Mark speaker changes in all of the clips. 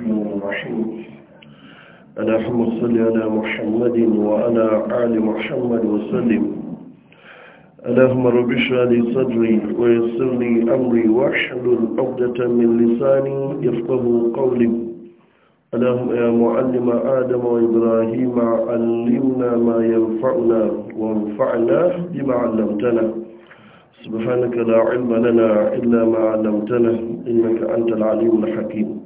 Speaker 1: الرحمن الرحيم اللهم صل على محمد وعلى آل محمد وسلم اللهم رب اشرح لي صدري ويسر لي امري واحلل عقدة من لساني يفقه قولي اللهم يا معلم ادم وابراهيم علمنا ما ينفعنا وانفعنا بما علمتنا سبحانك لا علم لنا الا ما علمتنا انك انت العليم الحكيم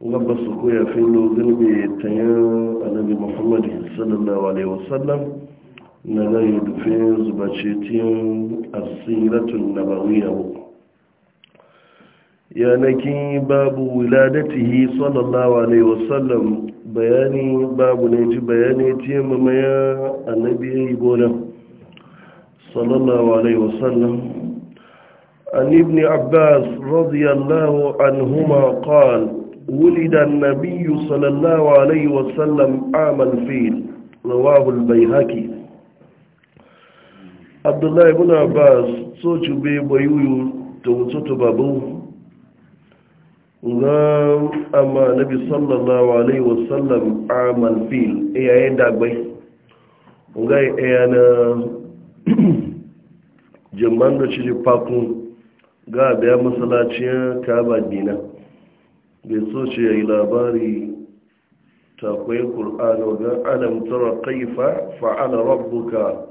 Speaker 1: gaba su koya filo zirbe ta yin annabi muhammad sallallahu alaihi wasallam na zai dufe zubace tiyan asiratun nabawiya yanakin babu wiladatihi sallallahu alaihi wasallam bayani babu ne ji bayani tiyan mamaya annabi ya yi gona sallallahu alaihi wasallam عن ابن عباس رضي ولد النبي صلى الله عليه وسلم عام الفيل رواه البيهكي عبد الله بن عباس سوچو بي بيويو توتو بابو غام أما نبي صلى الله عليه وسلم عام الفيل اي اي دغبي غاي اي انا جمان دو شي باكو ga biya masallacin kaba dinan bai so ce ya yi labari takwai ƙul'ani ga alam tara kaifa fa'ala rabbuka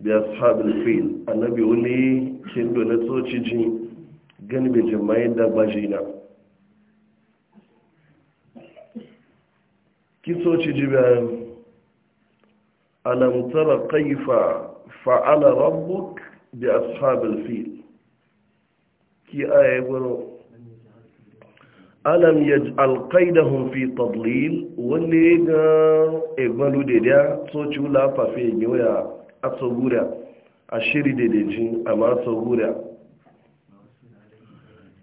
Speaker 1: bi ashabil fil annabi wani kin do na soci jin gani bai jama'i da bajina ki soci ji bayan alam tara kaifa fa'ala rabbuk bi ashabil fil ki ayaye alam yaj'al qaidahum fi tadlil wale ga egbalu dedia so chula pafe nyoya atsogura ashiri dedeji ama atsogura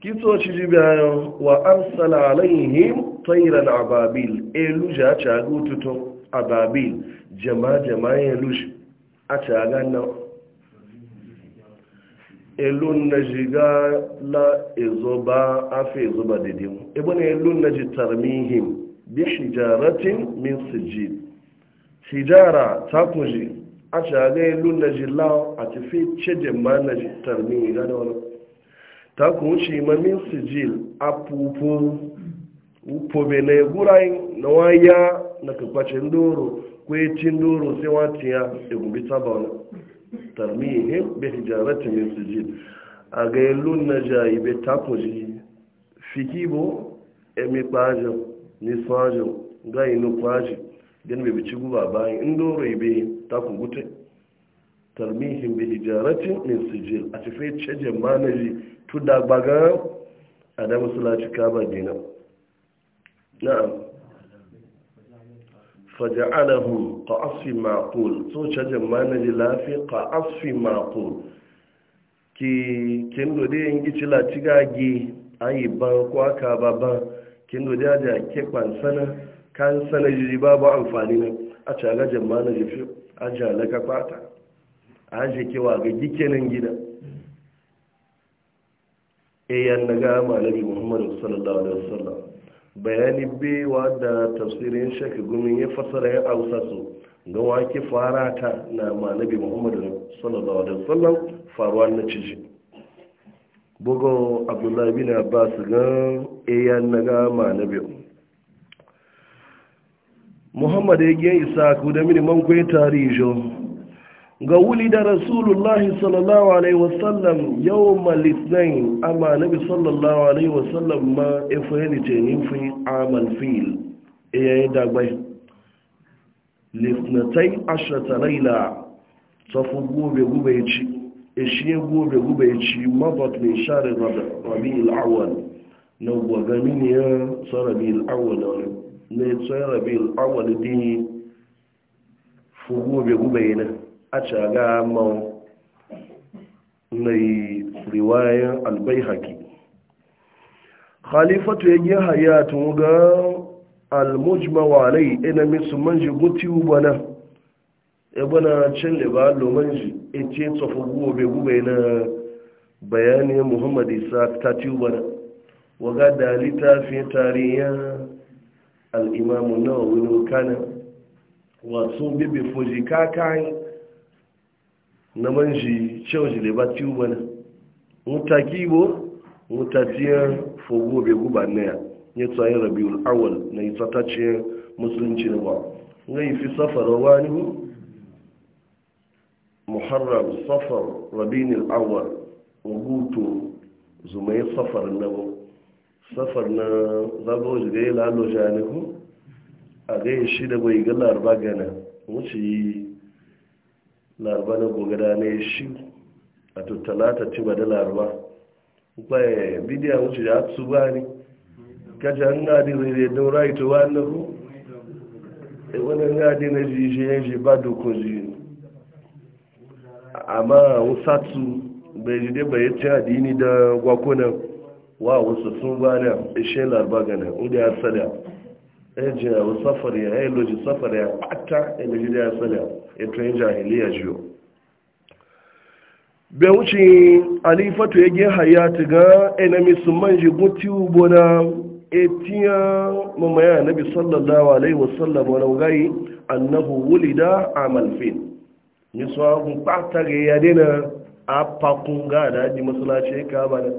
Speaker 1: kito chiji bayo wa arsala alaihim tayran ababil eluja chagututo ababil jama jama eluj achaga na elu na jiga la izoba afi izoba didim ibn elu na jitarmihim bi hijaratin min sijil hijara ta kuji a shaga elu na laa a tafi ceje ma na jitarmihi ga da wani ta kunshi ma min sijil a pupun upobe na egurayin na waya na kakwacin ti kwecin doro sai watiya egubita ba wani tarmihim bi hijaratin min sijil a ga yallun na jayi bai takuji fikibo emi kpajin nisfajin ga inu kwaji gan bai bici guba bayan indoro ibe takun gute tarmihim bi hijaratin min sijil a ci fai caje manaji tu da gbaga a da musulaci kaba dina faja'alahum alahu ma'qul so chaje mana ji lafi qa'asfi makul ki kendo de gicila tigagi ayi ban ko aka baban kendo de aja ke kwansana kan sana ji babu amfani ne a chaga jamana ji fi aja laka kwata aje ke wa ga gikenan gida e yan naga malami muhammadu sallallahu alaihi wasallam bayani bewa da tafsirin shakka gumin ya fasara ya ausa su ga wake fara ta na manabi muhammadu sallallahu alaihi wasallam faruwa na ciji bugo abdullahi bin abbas ga eyan naga manabi muhammadu ya isa ku da mini man kwai tarihi ga da rasulullahi sallallahu alaihi wasallam yau malitnain amma nabi sallallahu alaihi wasallam ma efe yadda ce nufi amal fil e ya yi dagbai litnatai ashirata laila fi gobe gube ci ishiye e gobe gube ci mabat mai share rabi al'awal na gwagami ne ya tsarabi al'awal ne tsarabi al'awal din fi gobe gube na a ga man mai riwayan albai haƙi khalifatu ya yi tun ga almujma walai ina misu manji guti ubana ebana cin libalo manji ece tsofa gobe gube na bayanin Muhammadu isa ta ti ubana waga dalita littafin tarihin al'imamu na wani kana wasu bibi fuji na man shi shan shi da ba ciwo ba na muta bo muta ciyar fogo bai guba na ya ya tsaye rabi awal na yi tsataciyar musulunci na ba na yi fi safar wani muharram safar rabin awal rubuto zumai safar na ba safar na zaba wajen da ya lalo shi a gaya shi da bai gala arba gana wuce yi laraba na gogada ne shi a talata ci ba da laraba kwaye eh, bidiya wuce da hatsu ba ne kaci an gadi zai da don rai wa ba na ku e wani gadi na jije ya ji ba dokun ji amma wasatsu bai ji dai bai ci adini da gwakunan wa wasu sun ba na ishe laraba gana inda ya sada eji ya safari ya eloji safari ya pata eloji da ya sani eto yin jahiliya jiyo bai wuce alifatu ya gina hayati ga enami sun manji guti ugbo na etiya mamaya nabi sallallahu alaihi wasallam wani gai annahu wulida a malfin yi su ahun pata ga ya dina a pakun ga da ji masalaci ka ba da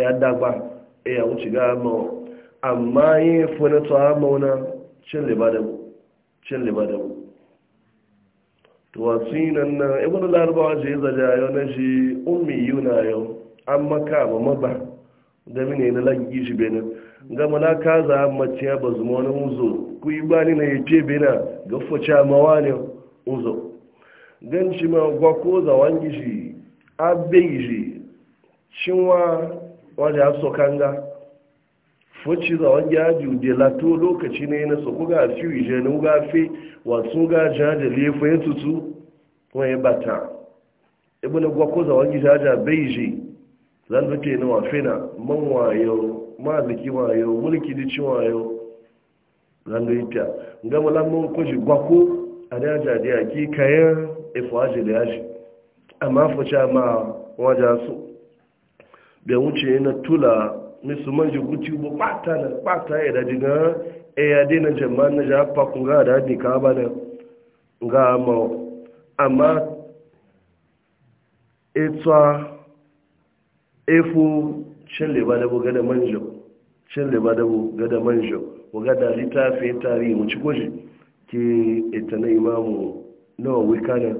Speaker 1: ya dagba ya wuce ga mawa amma yi funa tsawa mauna cin libadabu cin libadabu tuwatsu yi nan na ibn larabawa shi ya zaja yau na shi ummi yuna yau an maka ba maba da mini na lagi shi benin gama na kaza mace ya bazu wani uzo ku yi bani na ya ce bena ga fuca mawa ne uzo gan shi ma gwako za wangi shi abin shi cinwa wajen aso kanga foci za wani yaji da lato lokaci ne na soko ga fi wije na ga fi wasu ga jaja lefa ya tutu kuma ya bata ibi na gwakko za wani jaja beiji zan zuke wa fina man wayo maziki wayo mulki ci wayo zan da ta gama lamun kwaji gwakko a da yaja da yaki kayan ifuwaji e da yaji amma foci ma wajen su bai wuce na tula musulman ji bu bata na bata ya daji na eh, ya dai jama'a na ja kun ga da ni ka ba na ga ma amma etwa efu cin leba da bu ga da manjo cin leba da bu ga da manjo bu ga da litafi mu ci goji ke ita na imamu nawa wikana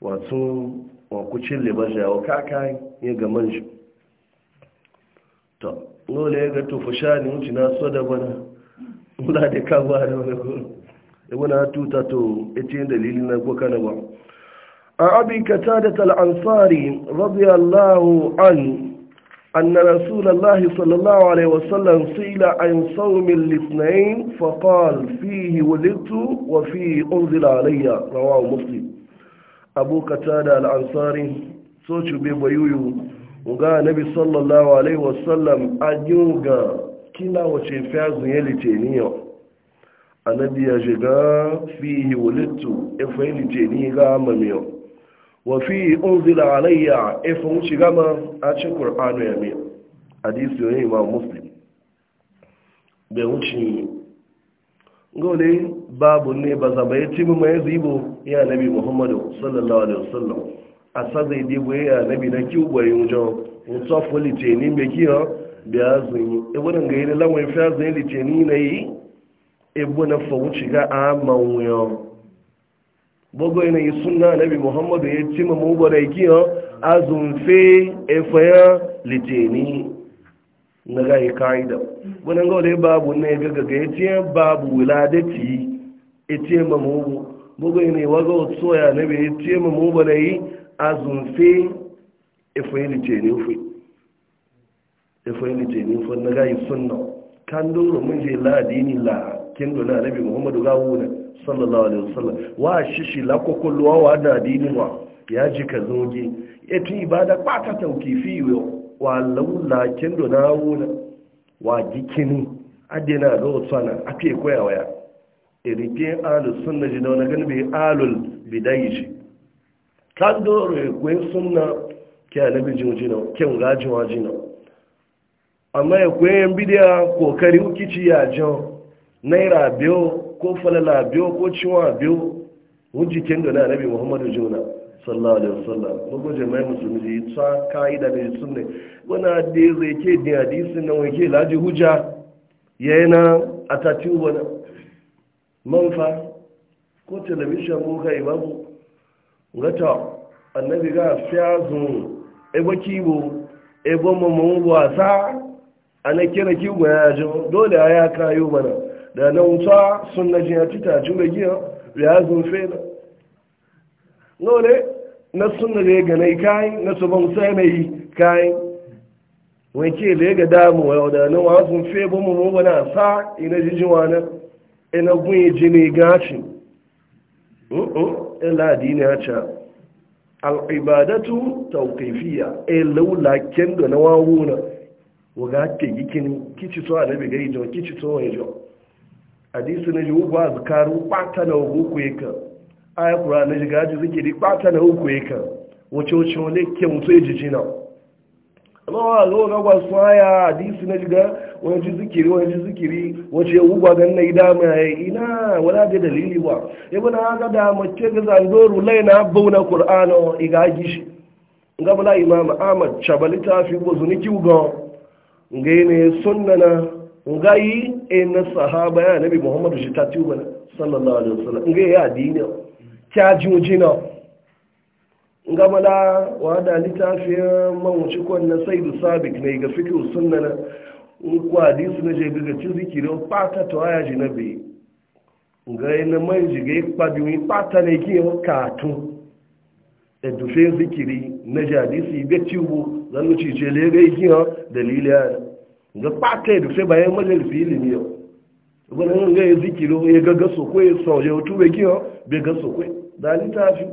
Speaker 1: wato wa cin leba ja kakai ya ga manjo to nola ya ga tofa shani wuce na so da bana mula da kawo da wani kuma ibuna tuta to ita dalilin na ko na ba an abi katadat al-ansari radiyallahu an أن رسول الله صلى الله عليه وسلم سئل عن صوم الاثنين فقال فيه ولدت وفيه أنزل علي رواه مسلم أبو قتادة الأنصاري سوتش بيبيويو ga nabi sallallahu alaihi wasallam ajin ga kila wace fiyazu ya a nabi ya shiga fihi wulittu efe ni ga mamiyo wa fi unzila alayya efe wuce gama a cikin kur'anu ya mi hadisi ne imam muslim da wuce gole babu ne ba zaba ya ci mu mai zibo ya nabi muhammadu sallallahu alaihi wasallam asasa idibu ya nabi na ki ugbo yi wujo wuto fo litini mbe ki ha bi azuni ebo na ngayi la won fi azuni litini na yi ebo na fo wuci ga ama wuyo bogo ina yi sunna anabi muhammadu ya tima mu ugbo da ki ha Azu nfe efa ya litini na ga yi da. wani ga wale babu na ya gaga e ya tiya babu wuladati ya tiya mamu bogo ina yi waga wasu anabi nabi ya tiya mamu ba na yi azumfe efoyin litini ufe efoyin litini ufe na gayi sunna kan doro mun je la dini la kendo na annabi muhammadu ga wuna sallallahu alaihi wasallam wa shishi la kokolo wa wa da dini wa ya ji ka zoge etu ibada kwata taukifi wa laula kin dole na wuna wa gikini adina ro sana ake koyawa ya irike e alus sunna ji da wani ganin bai alul bidayi shi kan doro ekwe sunna ke anabi jinjina ke jinwa wajina amma ekwe yan bidiya kokari ukici ya jan naira biyo ko falala biyo ko ciwa biyo wujji kendo na anabi muhammadu juna sallallahu alaihi wasallam bugu jama'i musulmi ji ta kaida da sunne wana de zai ke din hadisi na wake laji hujja ya yana atatu wana manfa ko television ko kai babu ngata annabi ga ya zo ebe kibo ebe mamman wasa a na kira kibo ya ji dole ya kayo mana da na wuta sun na jiya tita ci mai giya ya zun fela nole na sun na ga na kai na su ban sai wani ke da damu wa yau? da na wasu fe bo mamman wani sa ina jijiwa na ina gunye jini gashi uh oh, ladi ne a ce al'ibadatu taukifiya e eh, laula kendo na wawuna waga ke gikin kici to na gari jo kici to ya jo hadisi na jiwu ba zukaru pata na ka yaka aya qur'an na jiga ji zikiri pata na uku ka wace wace wale ke mutu ya jijina amma wa zo ga wasu aya hadisi na jiga wani ji zikiri wani ji zikiri wace ya wuba don na ya yi? ina wala da dalili ba ya na haka da mace ga zandoru lai na bauna qur'ano iga gishi ga bala imam ahmad chabalita fi bozuni kiugo ngene sunnana e na sahaba ya nabi muhammad shi ta tatiu bana sallallahu alaihi wasallam yi adini kya jujina na. wa da littafin mawuci kwan na saidu sabik ne ga fikir sunna na ko hadisu na shaidu ga cin zikirin fata ta waya ji na bai ga yi na man shiga yi pata fata na yake yawan katun da e dufe zikiri na jadisi yi bai ciwo zanu ci ce lega yake yawan dalili ya ga fata ya e fe bayan e majalisi ilimi yau wani yin ga yi zikiri ya ga gaso ko ya sauje wato bai kiyo bai gaso ko da ta fi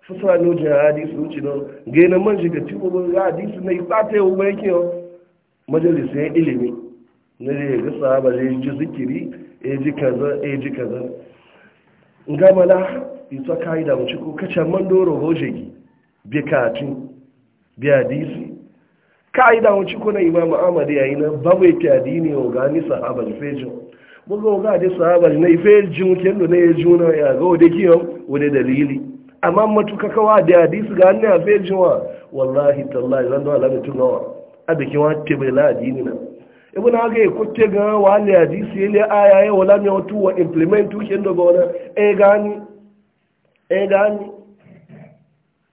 Speaker 1: fusa nojin hadisu wuce nan ga yi na man shiga ciwo ga hadisu na yi fata ya wuba yake yawan majalisun ilimi na zai ga sahaba zai ji zikiri ya ji kaza ya ji kaza gamala ita kayi da mace ko kacan mandoro hojegi bi katin biya hadisi kayi da mace ko na imam ahmad ya yi na babu yake adini o ni sahaba da fejin buga ga da sahaba na ifejin kendo na ya juna ya ga wade kiyon wade dalili amma matuka kawa da hadisi ga hannun a fejin wa wallahi tallahi zan da alamitun gawa abiki wa tebe la adini na ibu na aga ekutte ga wa ali hadisi ile aya ya wala mi otu wa implement u shendo gona e gani e gani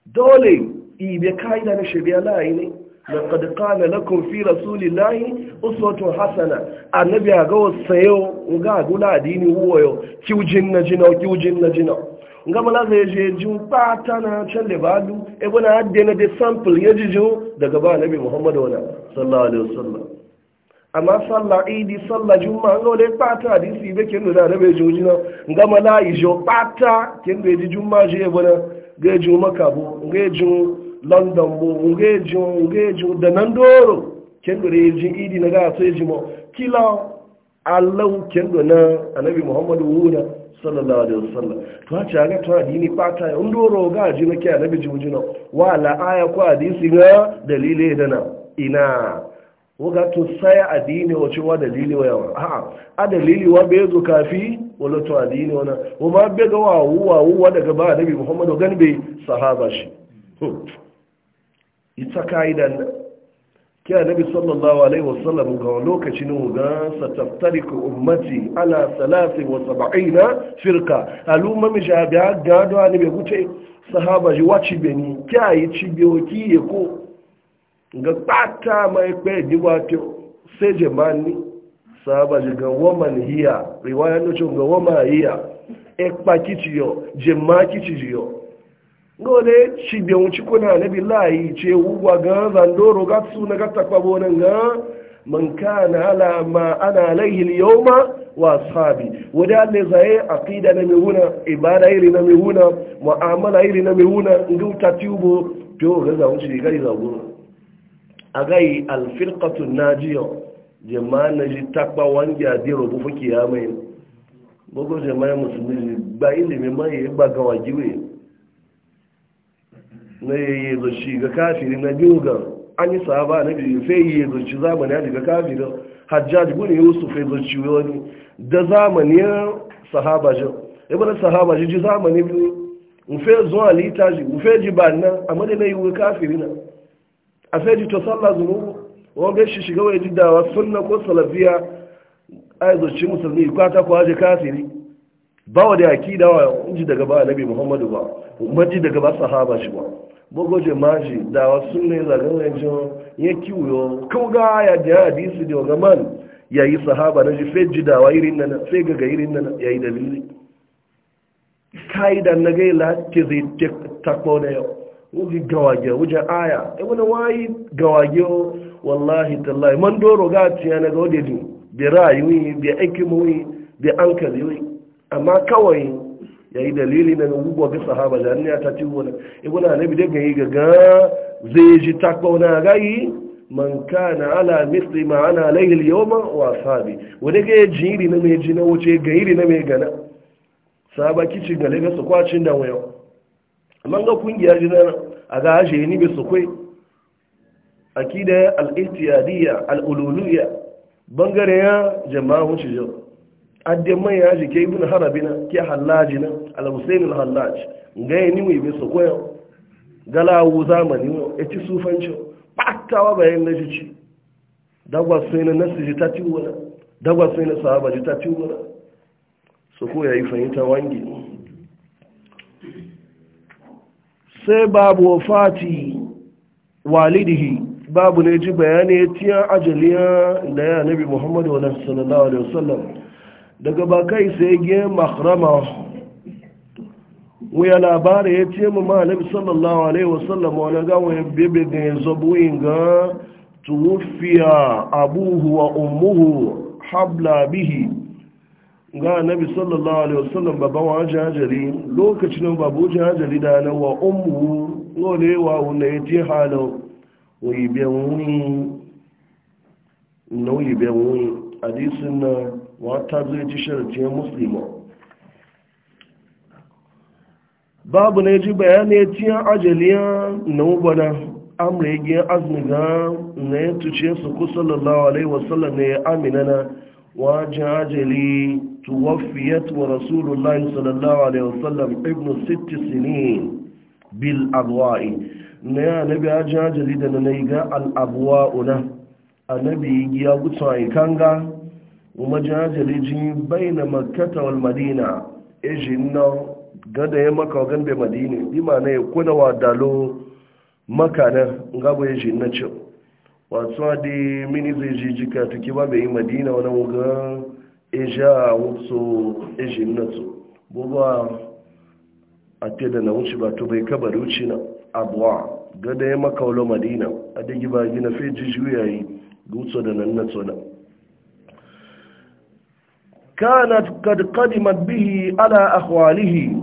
Speaker 1: dole ibe kaida na sharia la ne laqad qala lakum fi rasulillahi uswatun hasana annabi aga wasayo ga gula adini huwayo kiujin na jina kiujin na jina ngama na zai je ji fata na can da badu e wani hadde na da sample ya jiju daga ba nabi muhammad wani sallallahu alaihi wasallam amma sallah idi sallah juma'a ngo le fata di si be ken da rabe joji na ngama la ijo fata ken be di juma'a je wani ga ju makabo ga ju london bo ga ju ga ju da nan doro ken re ji idi na ga so ji mo kila allau ken do na annabi muhammad wuna sallallahu alaihi wasallam to a ga to adini pata ya ndoro ga ji na kiya nabi jimujina wala aya ko hadisi ga dalile dana ina waga to sai adini ci wa dalili wa yawa a'a a dalili wa be zo kafi wala to adini na. wa ma be ga wa wa wa daga ba nabi muhammadu ganbe sahaba shi hmm. ita kaidan ke annabi sallallahu alaihi wasallam ga lokacin ga taftariku ummati ala 73 firqa aluma mi jabiya ga do annabi kuce sahaba ji wachi beni yi ci biyoki ko ga pata mai e pe ji wato seje mani sahaba ji ga woman hiya riwaya no chunga woma hiya e pa kici yo je ma kici yo dole shi da wuci kuna na billahi ce wuwa ga zando ga su na gata kwabo nan ga man kana ala ma ana alaihi al-yawma wa ashabi wada Allah zai aqida na mihuna ibada iri na mihuna mu'amala iri na mihuna ndu tatubo to ga za wuci ga za guru agai al-firqatu an-najiya jama'a naji takwa wangi adiro bu fuki ya mai bogo jama'a musulmi ba ilimi mai ba gawajiwe na yayye zuci ga kafiri na biyu ga an yi sahaba na biyu sai yayye zuci zamani ya daga kafiri hajjaj gune yusuf ya zuci wani da ya sahaba ya ibanar sahaba ji zamani biyu nfe zuwa lita ji nfe ji ba nan a na yi wa kafiri na a sai ji tosalla zuru zunubu bai shi shiga wai dawa sunna ko salafiya a yi zoci musulmi kwata kwa ji kafiri ba wa da dawa wa ji daga ba nabi muhammadu ba ji daga ba sahaba shi ba bogoje maji da wasu ne zagan yanzu ya kiwo kau ga ya da hadisi da ga man yi sahaba na ji fejji da wairin nan sai ga gairin nan yayi dalili kai da na ga la ke zai takko da yau wuji gawage wuji aya e wani wayi gawage wallahi tallahi man doro ga tiya na ga ji bi rayuwi bi aikimuwi bi ankali amma kawai ya yi dalili daga gugu ga sahaba da ya ta ci wani e, ibuna na bi daga yi gaga zai ji takwa na gayi man kana ala misli ma ana laihil yawma wa sabi wani ga jiri na mai jina wuce ga yiri na mai gana sahaba gale ga su kwacin da wayo amma ga kungiya jina a ga ashe ni bi su kwai akida al-ihtiyadiyya al-ululiyya bangare ya jama'a wuce jau adde mai ya jike ibn harabina ke hallajina al-husayn al-hallaj ngai ni mu be sokoyo galawu zamani e ci sufanci patawa bayan na jici dagwa sai na nasu ji ta wala dagwa sai na sahaba ji ta tiwala soko ya yi fahimta wangi sai babu wafati walidihi babu ne ji bayani tiya ajaliya da ya nabi muhammadu wa sallallahu alaihi wasallam daga bakai sai ge mahrama wuya labari ya ce mu malabi sallallahu alaihi wasallam wani gawon bebe ga yanzu buyin ga tuwufiya abuhu wa umuhu habla bihi ga nabi sallallahu alaihi wasallam babban wa jajari lokacin babu jajari da na wa umuhu lole wa wanda ya ce halau wai biyan wuni na wai biyan wuni hadisin na wata zai ci sharci muslimu babu na ji bayanai tiyan ajaliyan na ubana amra ya gina azumi ga na ya tuce su ku sallallahu alaihi sallam ne ya amina na wajen ajali tuwafiyat wa rasulullahi sallallahu alaihi wasallam ibn city sini bil abuwa'i na ya nabi ajin ajali da na yi ga A annabi ya gutsu a ikanga kuma jajali jini bai na makata wal madina ejin nan gada ya maka gan bai madini, bi ma na ya kuna wa dalo maka na gaba ya jin na ce wasu da mini zai ji jika ta kiba bai yi madina wani wuga eja ya ejin na su buga a te da na wuce ba to bai kaba da wuce na abuwa gada ya maka wala madina a da giba gina fi jijiyoyi yi gutso da nan na tsona كانت قد قدمت به على أخواله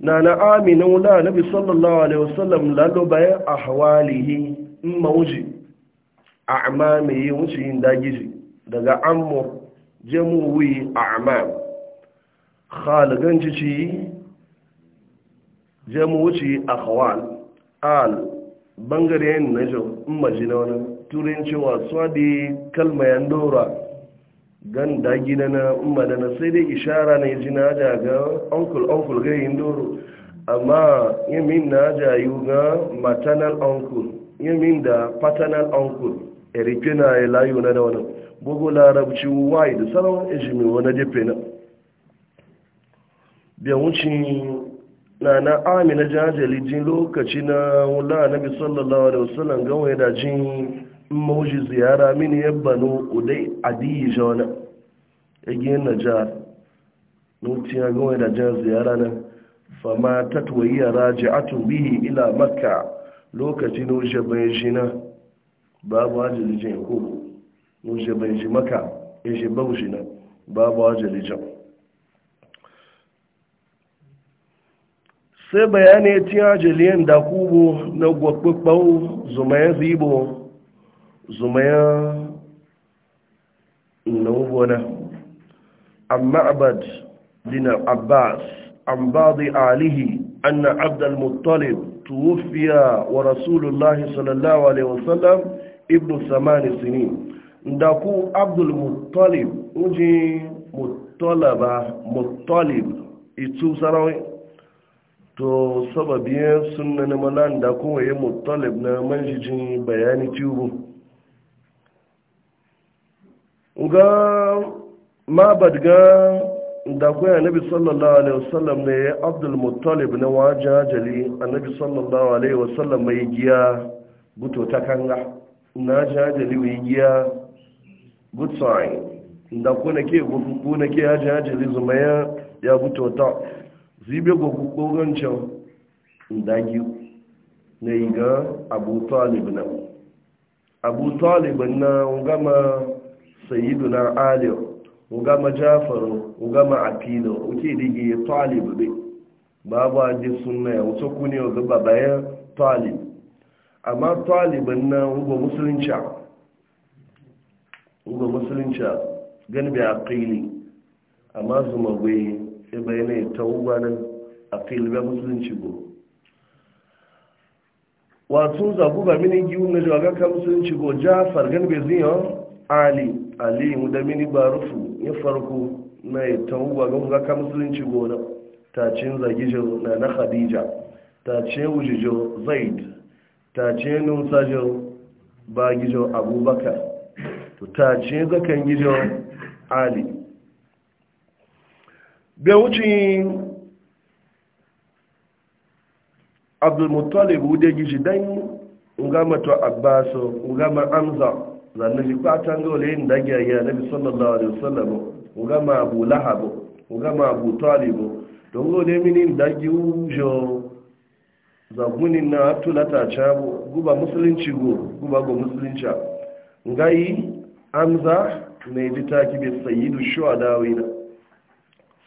Speaker 1: na na amina wula bi sallallahu alaihi wasallam lalo bayan a hawalihi in mawuji a amami wuce yin dagiji daga ammo wuyi a amam khaligan cici jamuwuci a hawal al bangare yin najo in majina wani turin cewa swadi kalmayan dora gan da gina na umma da na sai dai ishara na yi na da ga uncle uncle ga yin doro amma yamin na jayu ga maternal uncle yamin da paternal uncle erike na ya layu na da wani bugu larabci wai da sarawar ejimi wani jefe na biya wucin na na amina jajali jin lokaci na wula na bisallallahu da wasu gawaye da jin mawuji ziyara mini ya banu udai adiyi jona egin najar nuti ya gawai da jan ziyara nan fama tatwayiya raji'atu bihi ila makka lokaci nushe bai shi na babu ajali jan ko nushe bai shi maka ya shi bau shi na babu ajali jan sai bayani ya ci ajali da kubo na gwakwakwau ya zibo zumayan na amma abad bin abbas an ba'di alihi an na al-muttalib wa rasulullahi sallallahu alaihi wasallam ibn samani sinin da ku abdul muttalib uji mutalaba muttalib itu sarawai to sababiyar sunan malan da kuma yi muttalib na manjijin bayani tubu ga mabad ga da kuwa annabi sallallahu alaihi wasallam ne abdul muttalib na wajen ajali annabi sallallahu alaihi wasallam mai giya buto ta kanga na jajali mai giya good sign da na ke gugu na ke jajali zuma ya ya buto ta zibe gugu kogancin da na yi ga abu talib na abu talib na gama sayyiduna ali uga ma jafaru uga ma apilo uke digi talib be babu adi sunna ya wuce kuni ga bayan talib amma talibin na ugo musulunci ugo musulunci gani bai aqili amma zuma gwe sai bayanai ta na akili bai musulunci go wato zagu ba mini giwu na jawaga ka musulunci go jafar gani bai zin yawon ali ali da mini barufu ya farko na ya tawuwa ga kuma ka musulunci gona ta cin zagijo na na khadija ta ce wujijo zaid ta ce nusajo ba gijo abubakar to ta ce zakan gijo ali wuci wuce muttalib wude gishi dan ngama to abbaso ngama amza zanna shi ko atan dole yin dage ya nabi sallallahu alaihi wasallam uga ma abu lahab uga ma abu talib don gole mini dage ujo zabuni na tulata chabu guba musulunci go guba go musulunci ngai amza ne ki bi sayyidu na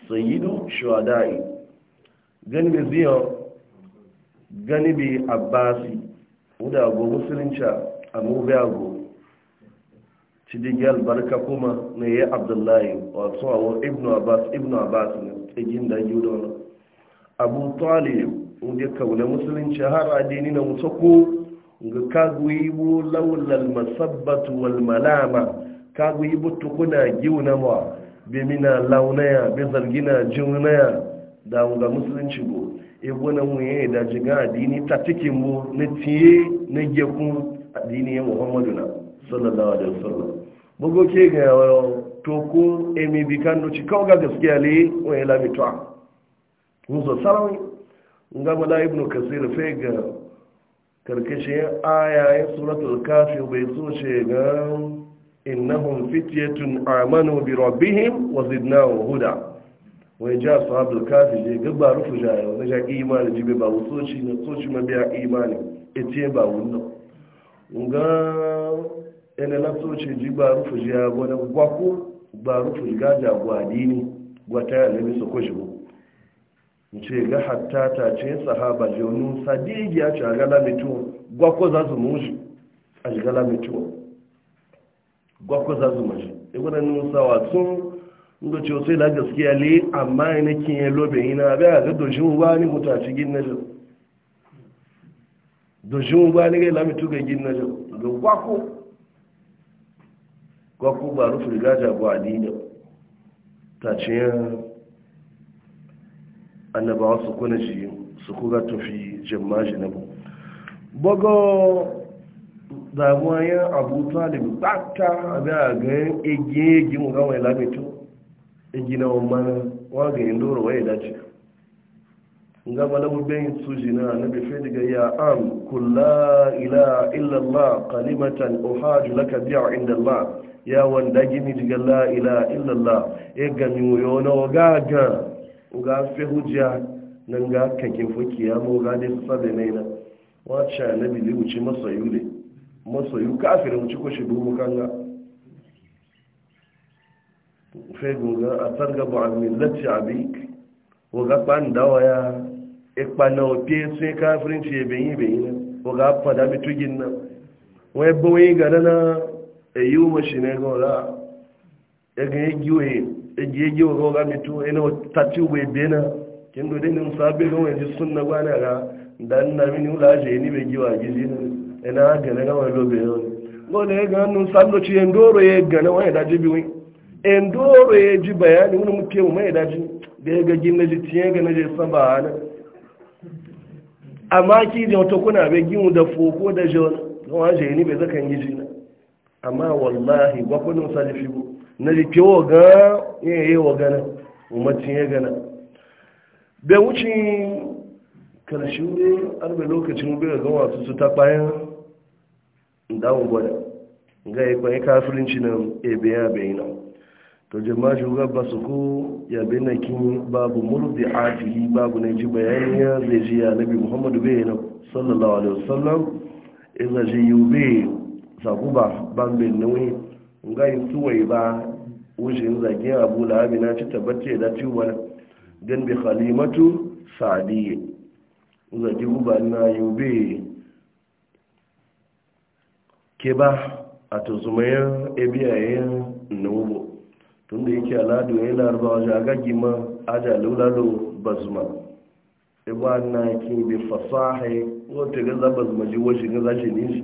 Speaker 1: sayyidu shuhadai gani bi ziyo gani bi abbasi uda go musulunci amma uga go cidin ya albarka kuma na ya abdullahi wato awon ibnu abbas ibnu abbas ne tsagin da yi da wani abu talib inda ya kauna musulunci har adini na musako ga kagwibu laulal masabbatu wal malama kagwibu tukuna giuna ma bi mina launaya bi zargina jinunaya da ga musulunci go ibu na muye da jiga adini ta cikin mu na tiye na gekun adini ya muhammadu na sallallahu alaihi wasallam bugo ke ga toku emi bikando cikau ga gaskiya le wani to muzo sarawi nga mala ibnu kasir fe ga karkashin aya ya suratul kafir bai so ce ga innahum fityatun amanu bi rabbihim wa zidnahu huda wai ja sahabul kafi je gaba rufu jayo na ja imani jibe ba so ci na so ci mabiya imani etiye ba wannan nga ene lafsoci ji ba rufu ji ya gwada gwako ba rufu ji gaja gwadi ne gwata ya nabi su kushe mu ce ga hatta ta ce sahaba ji wani sadigi ya ce a gala mitu gwako za su mushi a ji gala mitu gwako za su mushi ikunan e nusa wasu ndo ce sai la gaskiya le amma ina kin ya lobe ina ba ya ga dojin ba ni mutaci gin na dojin ba ni ga lamitu ga gin na jo gwako kwa ku ba rufu riga ba adini ta ce annabawa su kuna shi su kuga tafi jimmaji na bu bugo damuwa yin abu talib bata abin a ganin egiyegi mu gama ilamito egina mana wa ga yin doro waye dace nga malamu bayin suji na nabi fe daga ya am kula ila illa allah kalimatan uhaju laka bi'a inda allah ya wanda gini diga la'ila illallah ya e gani wuyo na waga ga ga fe hujja nan ga kakin fuki ya mu ga dai sabe mai na wacce annabi li uci masoyu ne masoyu kafir mu ci ko shi dubu kanga fe gunga atargabu an millati abik waga pan dawaya e pana o pie sai kafirin ci be yi be yi na waga pada mitugin na wai boye ga na eyi umashi ne gora ege giwe ege giwe ga mitu eno tatu we bena kendo de gwana ga dan na mini ulaje ni be giwa gizi ga ne ga ne ga nun sando ci endoro ye ga ne wa da jibi endoro ye ji bayani mu mai daji da ga gin na ji tiye ga na je na amma ki da to be gin da foko da jona go wa ni be amma wallahi gwakwunin bu na rike wa ga yayi wa gana umarci ya gana bai wuce karshe ne arba lokacin bai ga wasu su ta bayan dawon gwada ga ya kwaye kafirinci na ebe ya bayi na to jama'a shugaba su ku ya bi na kin babu murdi atihi babu na ji bayani ya zai ji ya nabi muhammadu bai na sallallahu alaihi wasallam izaji yube zaguba bin nuyi ngai tuwai ba wujin zagin abu lahabi na ci tabbace da tuba dan bi khalimatu sa'diyya zagi guba na yobe ke ba a tuzumayar ebiyayen nubo tun da yake aladu ya yi wajen jagagi ma aja bazuma bazma iba na ki bi fasahai wata ga zaba zuma ji wajen ga zashi ne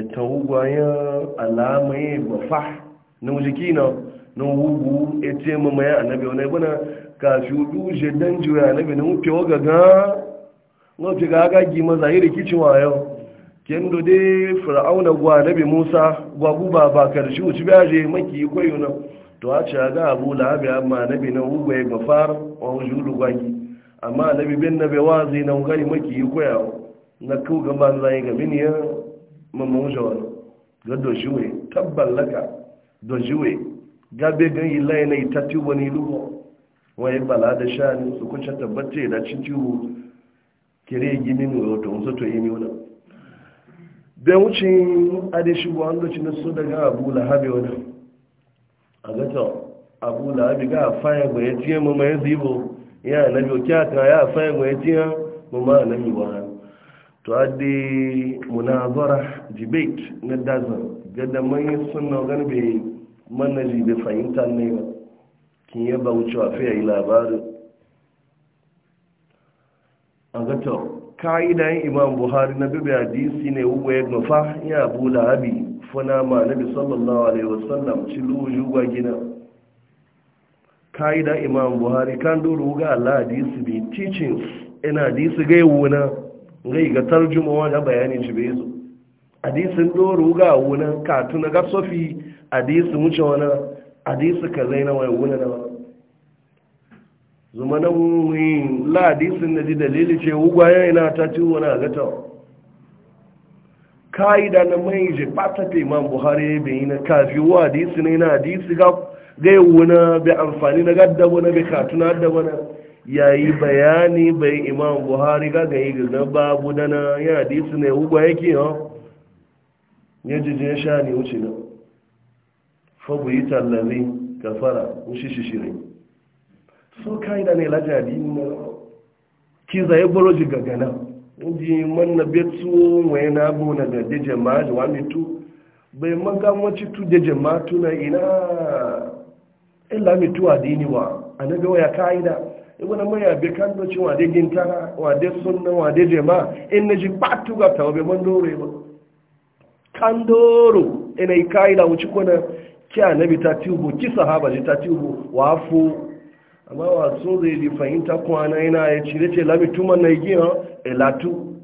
Speaker 1: ita hugwayen alamaye mafa na wujiki na na hugu na mutu ga wa yau dai fir'auna gwa annabi musa gwa guba ba karshe wuce biya je maki kwayo na to a ce ga abu labi amma annabi na hugwaye mafar wa amma annabi bin na na maki kwayo na zai ga mamu jawar ga dojiwe tabbar laka dojiwe gabe gan yi layi na ita tubo ni lumo wani bala da shani su kunce tabbata da cin tubo kere gini ne wato wasu to yi nuna da wucin adeshi wa an doci na so daga abu lahabi wani a gata abu lahabi gaa faya gwaya tiye mamaye zibo ya nabi o kyata ya faya gwaya tiye mamaye nabi wa to adi munazara debate na dazan gada manyan suna gani bai manaji da fahimta ne ba kin yaba wa fiye yi labarin a gata ka'ida yin imam buhari na bibi hadisi ne wuwa ya gafa ya abu la'abi fana ma na bi sallallahu alaihi wasallam ci luju gwa gina ka'ida imam buhari kan duru ga allah hadisi be teachings ina hadisi wuna. zai ga tarjuma wani bayanin shi bai zo hadisin doru ga wunan katu na gasofi hadisin wuce wani hadisi ka zai na wani wunan na zuma na wuyin la hadisin na ji dalili ce wugwa yana ta ci wani a gata ka'ida na mai je fi man buhari bai yi na kafi wa hadisi na yana hadisi ga gai wuna bai amfani na gadda wani bai katu na hadda wani yayi bayani bai imam buhari gaga yi gaza babu dana ya hadisi ne hukwa yake yau ya jijin sha ne wuce na fabu yi tallabi fara wuce shishirin so kai da ne lajadi na ki zai boro ji gaga na ji man na betu wai na bu na da deje ma wani tu bai magamanci tu deje ma tuna ina illa mitu adini wa annabi waya kaida Ibuna maya be kan do ci wade ginta wade sunna wade jema in ji patu ga tawbe man dore ba kan doro ina kai e la wuci kona ki anabi ta tubu ki sahaba ta tubu wafu amma wa so zai di fahimta ana ina ya cire ce lami tuma na yi ha elatu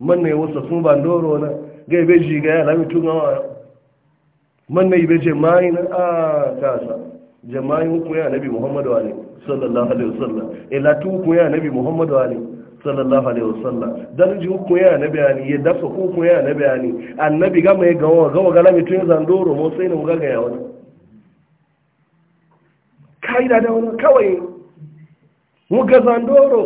Speaker 1: man ne wasa sun ba doro na ga ibe jiga ya lami tuma man ne yi je mai na a kasa jama'in ku ya nabi muhammadu wa ne sallallahu alaihi wasallam ilatu ku ya nabi muhammadu wa ne sallallahu alaihi wasallam dan ji ku ya nabi ani ya dafa ku ya nabi ani annabi ga mai gawa gawa ga lami tun zandoro mo sai ne gaga ya wani kai da wani kawai mu ga zandoro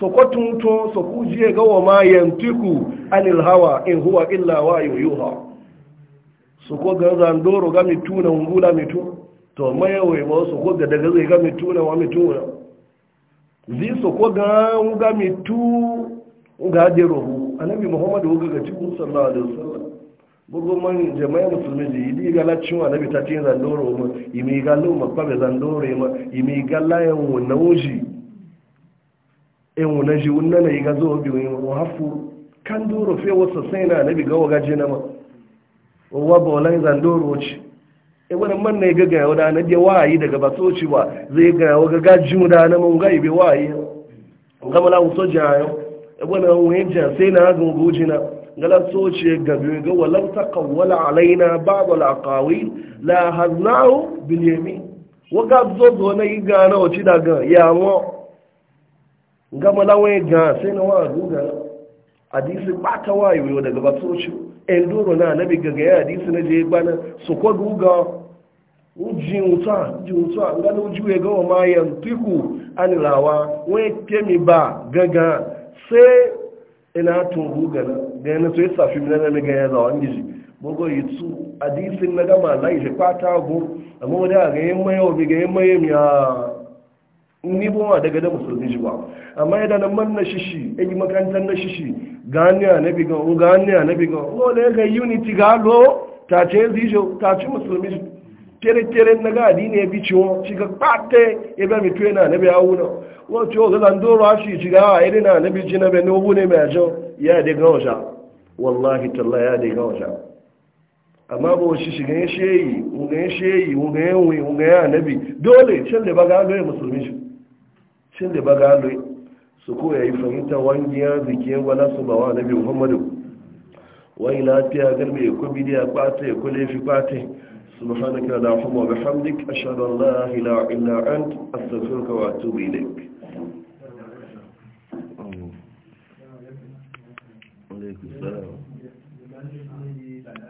Speaker 1: sokotun to sokujiye gawa ma yantiku anil hawa in huwa illa wa yuha ko ga zandoro ga mituna ngula tuna to wai ba su koga daga zai ga mitu na wa mitu na zi su koga ga mitu ga je rohu annabi muhammadu ga ga cikin sallallahu alaihi wasallam gbogbo man jama'a musulmi ji idi ga la ciwa annabi ta cin doro ma imi ga lo ma pa zan doro ma imi ga la yan wona wuji, en wona ji e wonna na ga zo bi wa hafu kan doro fe wasa sai na annabi ga waga je na ma wa ba zan doro ci e eh, wani man na ga gaya wadana je wayi daga ba soci ba zai ga wa gaga jimu da na mun gaibe wayi gama la so jayo e eh, wani wani ja sai na ga gujina gala soci ga bi ga walau taqawwala alaina ba'd al aqawil la haznahu bil yamin wa ga zo zo na yi ga na wace daga ya mo gama la wani ga sai na wa guga hadisi ba ta wayo daga ba soci enduro na nabi gaga ya hadisi na je bana su ko guga ujiwuta jiwuta ngana ujiwe gawa ma yantiku an lawa wani kemi ba gaga sai ina tungu gana gana to yi safi mina na mega ya zawon gizi gbogbo yi tu adisin na gama na ishe kwata gu amma wani a ganyen maye obi mai maye miya ni boma daga da musulmi ji ba amma yadda na man na shishi egi makarantar na shishi gani a nabi gan gani a nabi gan wani ga unity ga lo ta ce zijo ta ci musulmi kere kere na ga adini ya bici wọn shiga kpate ebe mitu na anabi awu na wọn ti oga zan doro ashi shiga ha iri na anabi ji na bene obu ne mai ya de gan ọja wallahi talla ya de gan ọja amma ba wasu shiga ya sheyi unga ya sheyi unga ya nwe ya anabi dole cin da baga musulmi shi cin da baga aloyi ya yi fahimta wangiya zikiyar wala su ba wa anabi muhammadu wani lafiya garbe ya kubi da ya kwata ya kule fi kwata سبحانك لا حمى وبحمدك أشهد أن لا إله إلا أنت أستغفرك وأتوب إليك عليكم السلام